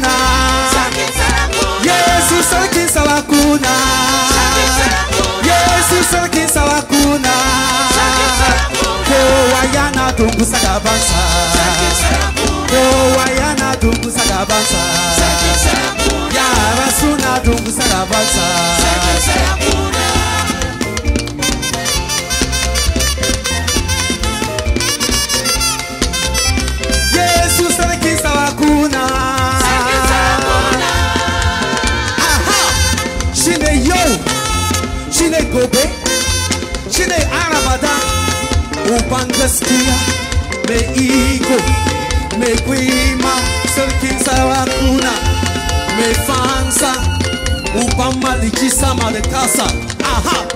lacuna Yesu sarkin sa lacuna Yesu sarkin sa lacuna Kowa yana dungusa gabansa Kowa yana dungusa gabansa Yara suna dungusa Jesus Yesu sarkin sa lacuna shine gobe shine arabada uban gaskiya mai iko mai kwima sarkin sarakuna mai fansa uban maliki sama da kasa aha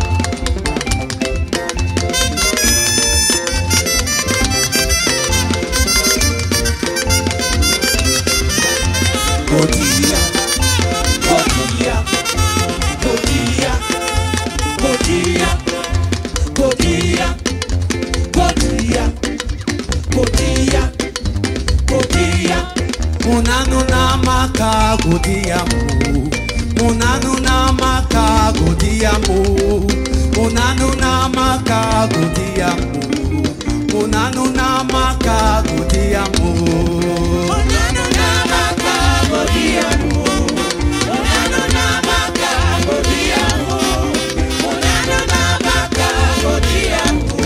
namaka kutiamo Konanu namaka kutiamo Konanu namaka kutiamo Konanu namaka kutiamo Konanu amu. kutiamo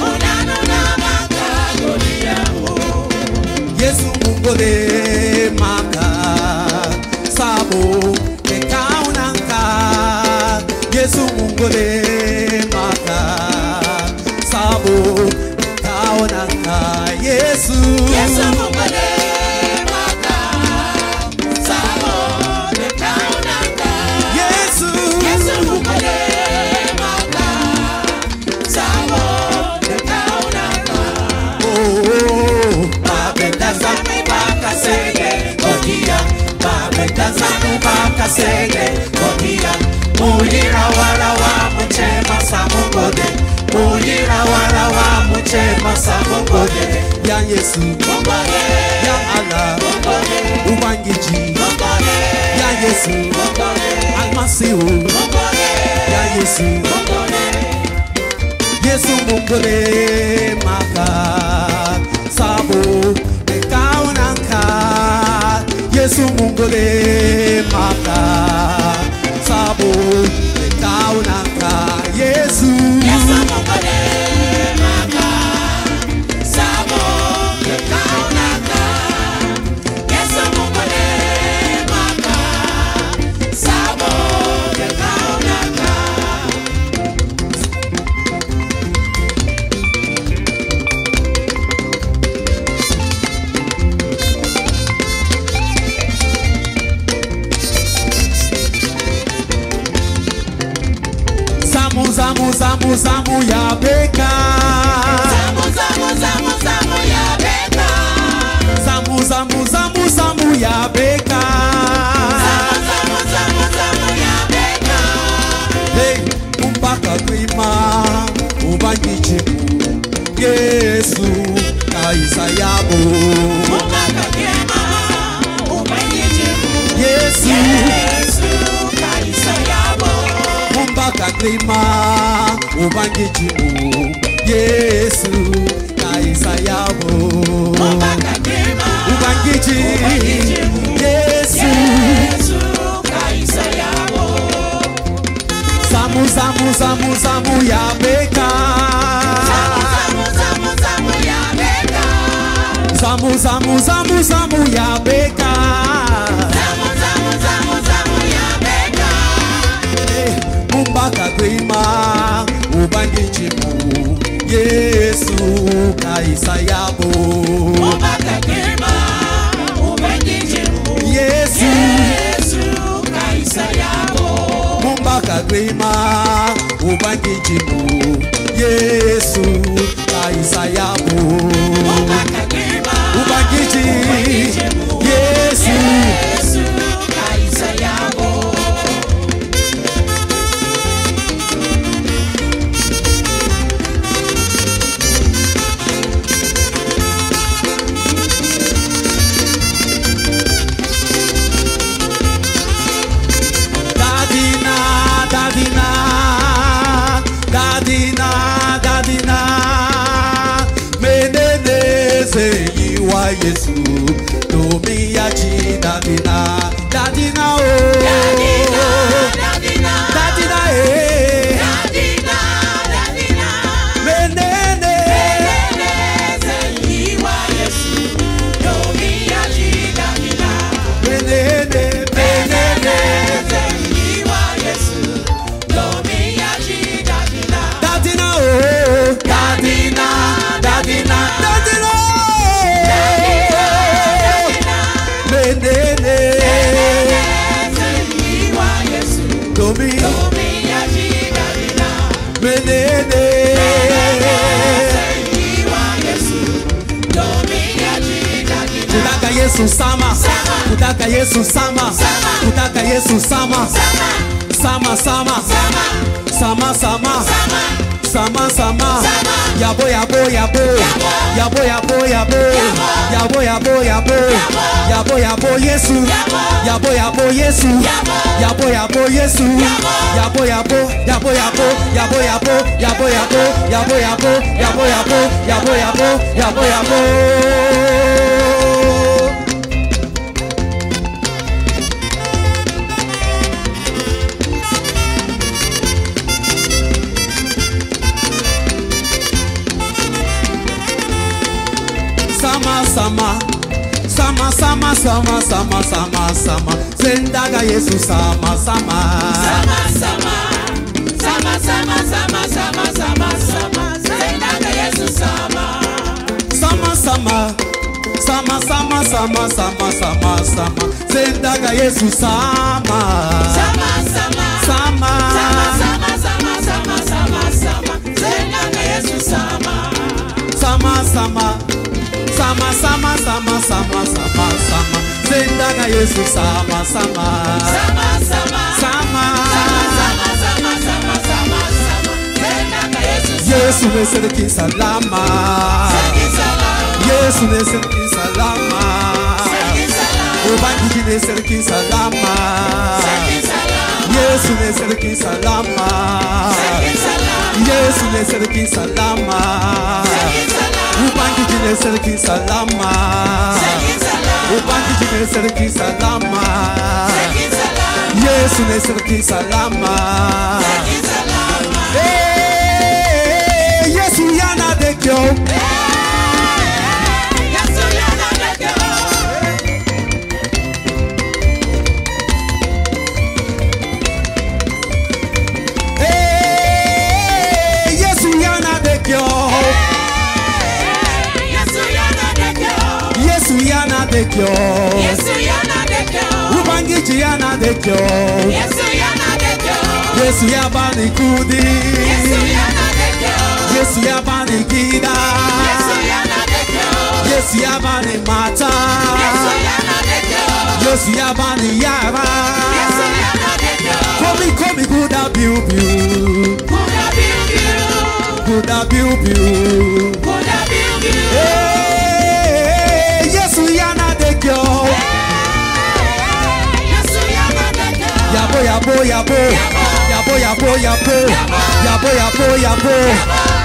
Konanu namaka kutiamo Yesu mungu de maka sabo Eka unanka Yesu mungu de yako nitaonanga Yesu, Yesu Mungu kasege kokia wala wala chema sa ya yesu bombole ya ala bombole ubangiji bombole ya yesu bombole almasihu bombole ya yesu bombole yesu bombole maka sabu de kaunanka yesu bombole maka sayabo Unakagema umenyejevu o Yesu kaisayabo Unakagema umenyejevu Yesu kaisayabo Unakagema umenyejevu Yesu Yesu kaisayabo Zamu samu, samu, samu, ya beka Zamu, zamu, zamu, zamu, yabeka Zamu, zamu, zamu, zamu, yabeka eh, Mumbaka grima, ubandichimu Yesu kaisa Mumbaka grima, o Yesu, Yesu kaisa yabo Mumbaka grima, ubandichimu Yesu yesu sama kutaka yesu sama sama sama sama sama sama sama yabo yabo yabo yabo yabo yabo yabo yabo yabo yabo yabo yesu yabo yabo yesu yabo yabo yesu yabo yabo yabo yabo yabo yabo yabo yabo yabo yabo yabo yabo yabo yabo yabo yabo sama sama sama sama sama sama sama sama sendaga yesu sama sama sama sama sama sama sama sama sama sama sendaga yesu sama sama sama sama sama sama sama sama sama sendaga yesu sama sama sama sama sama sama sama sama sama sama sendaga yesu sama sama sama sama sama sama sama sama sama Zendaya Yesus sama sama sama sama sama sama sama sama sama sama Zendaya Yesus Yesus nesele ki salama Yesus nesele ki salama Ubangiji nesele ki salama Yesu nesele ki salama Yesu nesele ki salama ubangiji ne sarki salama ubangiji ne sarki salama yesu ne sarki salama Yesu ya bani kudi Yesu ya na dekyo Yesu ya bani gida Yesu ya na dekyo Yesu ya bani mata Yesu ya na dekyo Komi komi kuda biu biu Kuda biu biu Yesu ya na Yabo yabo yabo Yabo yabo yabo yabo yabo yabo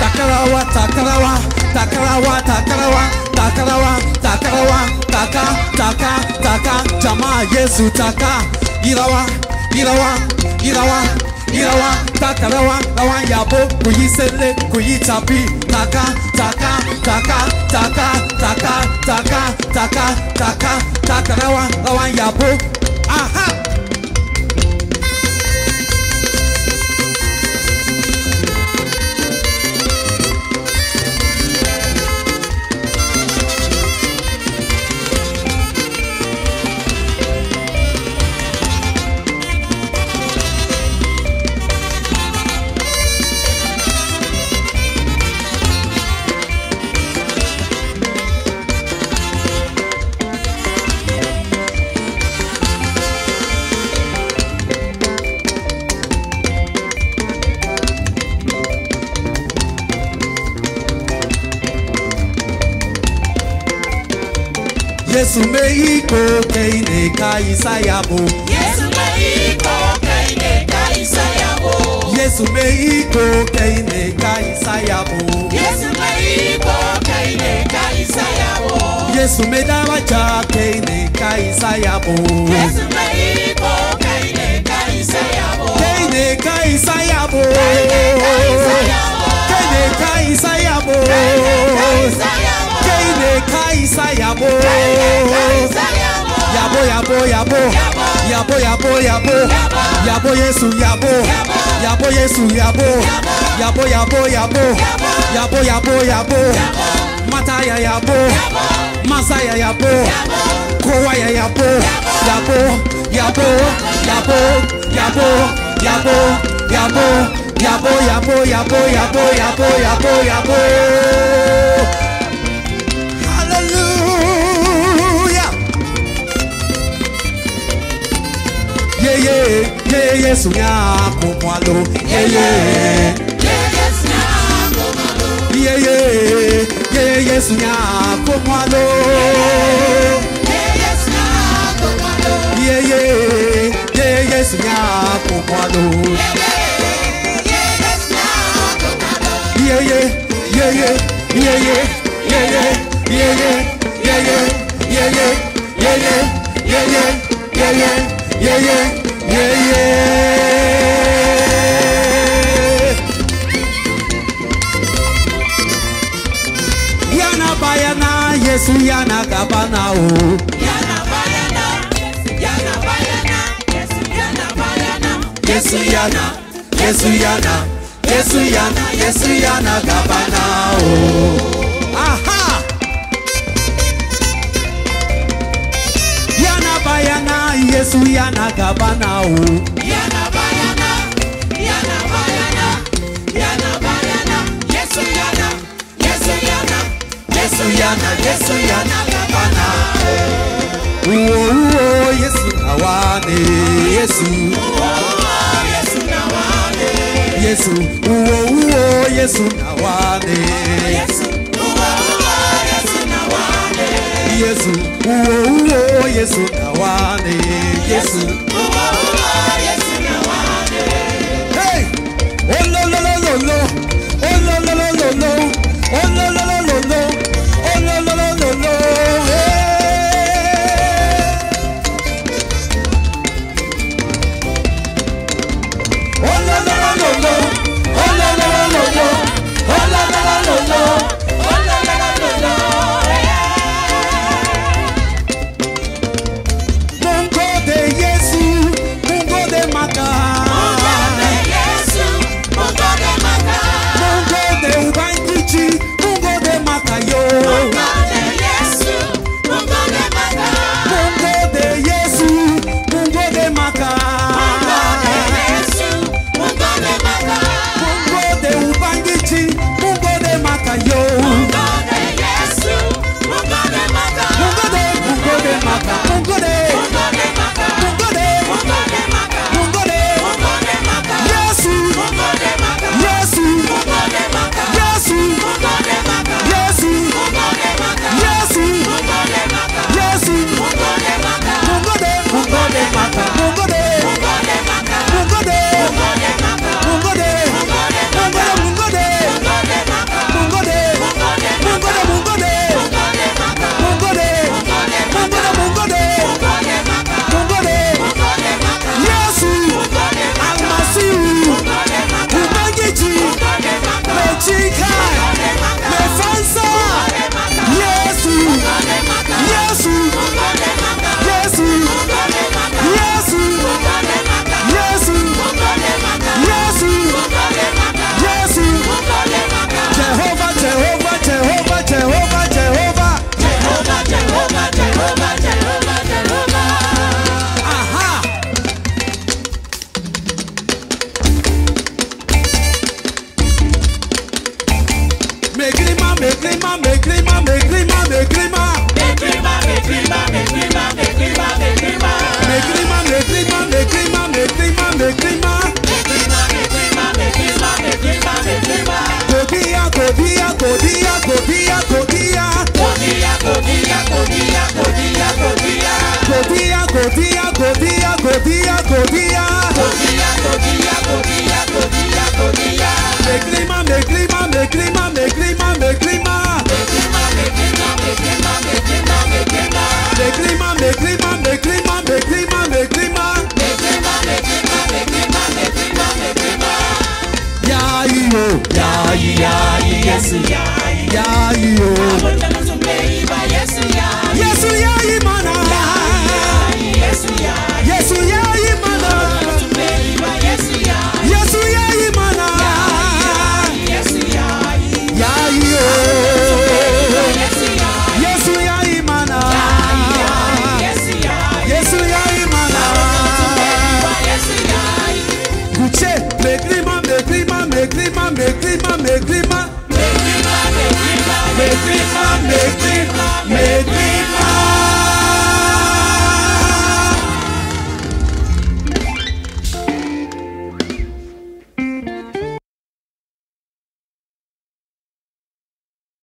takarawa takarawa takarawa takarawa takarawa takarawa taka taka taka jamaa yesu taka irawa irawa irawa irawa takarawa rawa yabo kuyisele kuyichapi taka taka taka taka taka taka taka taka takarawa rawa yabo mgbe ikpe oke ị na-eka ịsa ya bụ Yesu mee ikpe oke ị na-eka ịsa ya bụ Yesu mee ikpe oke ị na-eka ịsa ya bụ Yesu mee ikpe oke ị na-eka ịsa ya bụ Yesu mee daraja oke ị na-eka ịsa ya bụ Yesu mee ikpe oke ị na-eka ịsa ya bụ Ke ị na-eka ịsa ya bụ Ke ị na-eka ịsa ya bụ Ke ị na-eka ịsa ya bụ Kaide kaisa yabo Yabo yabo yabo Yabo yabo yabo Yabo Yesu yabo Yabo Yesu yabo Yabo yabo yabo Yabo yabo yabo Mataya yabo Masaya yabo Kowa ya yabo Yabo yabo yabo Yabo yabo yabo Yabo yabo yabo yabo yabo yabo yabo Yesu nyako mwalo yeye yeye yeye Yesu nyako mwalo yeye yeye Yesu nyako mwalo yeye yeye yeye yeye yana gaba o yana bayana yana bayana yana bayana Yesu yana Yesu yana Yesu yana Yesu yana o Yesu uo uo Yesu awane Yesu Yesu Yesu, uwo uwo Yesu, kawane Yesu.